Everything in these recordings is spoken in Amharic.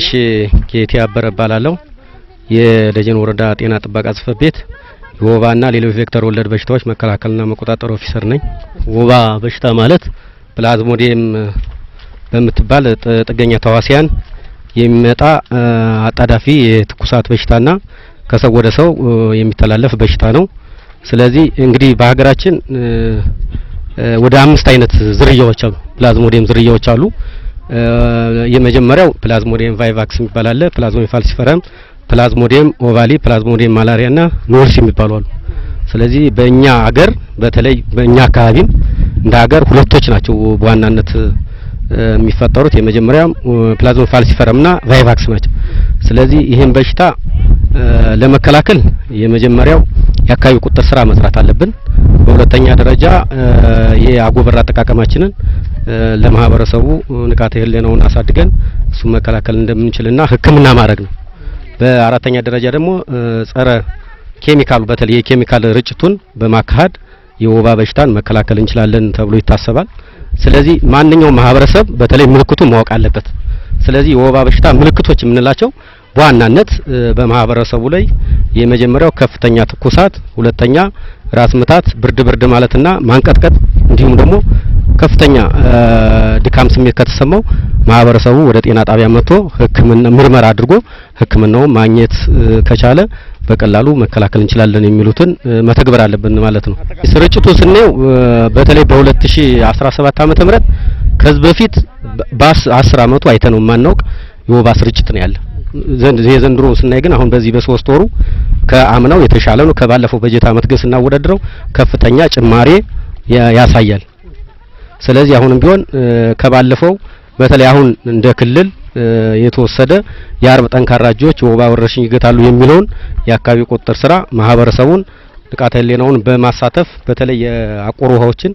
እሺ ጌቴ አበረ እባላለሁ። የደጀን ወረዳ ጤና ጥበቃ ጽፈት ቤት የወባና ሌሎች ቬክተር ወለድ በሽታዎች መከላከልና መቆጣጠር ኦፊሰር ነኝ። ወባ በሽታ ማለት ፕላዝሞዲየም በምትባል ጥገኛ ተዋሲያን የሚመጣ አጣዳፊ የትኩሳት በሽታና ከሰው ወደ ሰው የሚተላለፍ በሽታ ነው። ስለዚህ እንግዲህ በሀገራችን ወደ አምስት አይነት ዝርያዎች አሉ ፕላዝሞዲየም ዝርያዎች አሉ። የመጀመሪያው ፕላዝሞዲየም ቫይቫክስ የሚባል አለ፣ ፕላዝሞዲየም ፋልሲፈረም፣ ፕላዝሞዲየም ኦቫሊ፣ ፕላዝሞዲየም ማላሪያ እና ኖርሲ የሚባሉ አሉ። ስለዚህ በእኛ አገር በተለይ በእኛ አካባቢም እንደ ሀገር ሁለቶች ናቸው በዋናነት የሚፈጠሩት የመጀመሪያው ፕላዝሞዲየም እና ቫይቫክስ ናቸው። ስለዚህ ይሄን በሽታ ለመከላከል የመጀመሪያው የአካባቢ ቁጥጥር ስራ መስራት አለብን። በሁለተኛ ደረጃ የአጎበር አጠቃቀማችንን ለማህበረሰቡ ንቃተ ህሊናውን አሳድገን እሱን መከላከል እንደምንችልና ህክምና ማድረግ ነው። በአራተኛ ደረጃ ደግሞ ጸረ ኬሚካሉ በተለይ የኬሚካል ርጭቱን በማካሄድ የወባ በሽታን መከላከል እንችላለን ተብሎ ይታሰባል። ስለዚህ ማንኛውም ማህበረሰብ በተለይ ምልክቱን ማወቅ አለበት። ስለዚህ የወባ በሽታ ምልክቶች የምንላቸው በዋናነት በማህበረሰቡ ላይ የመጀመሪያው ከፍተኛ ትኩሳት፣ ሁለተኛ ራስ ምታት፣ ብርድ ብርድ ማለትና ማንቀጥቀጥ እንዲሁም ደግሞ ከፍተኛ ድካም ስሜት ከተሰማው ማህበረሰቡ ወደ ጤና ጣቢያ መጥቶ ሕክምና ምርመራ አድርጎ ሕክምናውን ማግኘት ከቻለ በቀላሉ መከላከል እንችላለን የሚሉትን መተግበር አለብን ማለት ነው። ስርጭቱ ስናየው በተለይ በ2017 ዓመተ ምህረት ከዚህ በፊት በ10 ዓመቱ አይተነው የማናውቅ የወባ ስርጭት ነው ያለ። የዘንድሮ ስናይ ግን አሁን በዚህ በሶስት ወሩ ከአምናው የተሻለ ነው። ከባለፈው በጀት አመት ግን ስናወዳድረው ከፍተኛ ጭማሬ ያሳያል። ስለዚህ አሁንም ቢሆን ከባለፈው በተለይ አሁን እንደ ክልል የተወሰደ የአርብ ጠንካራ እጆች ወባ ወረርሽኝ ይገታሉ የሚለውን የአካባቢ ቁጥጥር ስራ ማህበረሰቡን ንቃተ ህሊናውን በማሳተፍ በተለይ የአቆር ውሃዎችን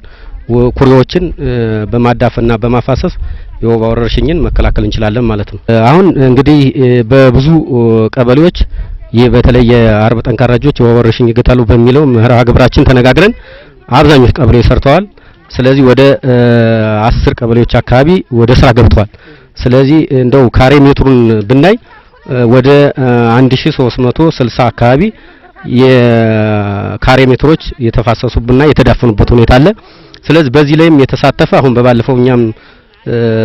ኩሬዎችን በማዳፍና በማፋሰስ የወባ ወረርሽኝን መከላከል እንችላለን ማለት ነው። አሁን እንግዲህ በብዙ ቀበሌዎች ይህ በተለይ የአርብ ጠንካራ እጆች የወባ ወረርሽኝ ይገታሉ በሚለው መርሃ ግብራችን ተነጋግረን አብዛኞች ቀበሌዎች ሰርተዋል። ስለዚህ ወደ አስር ቀበሌዎች አካባቢ ወደ ስራ ገብቷል። ስለዚህ እንደው ካሬ ሜትሩን ብናይ ወደ 1360 አካባቢ የካሬ ሜትሮች የተፋሰሱብና የተዳፈኑበት ሁኔታ አለ። ስለዚህ በዚህ ላይም የተሳተፈ አሁን በባለፈው እኛም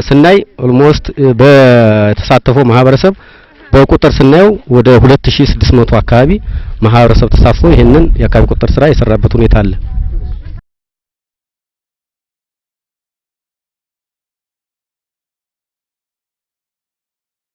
ስናይ ኦልሞስት በተሳተፈው ማህበረሰብ በቁጥር ስናየው ወደ 2600 አካባቢ ማህበረሰብ ተሳትፎ ይህንን የአካባቢ ቁጥር ስራ የሰራበት ሁኔታ አለ።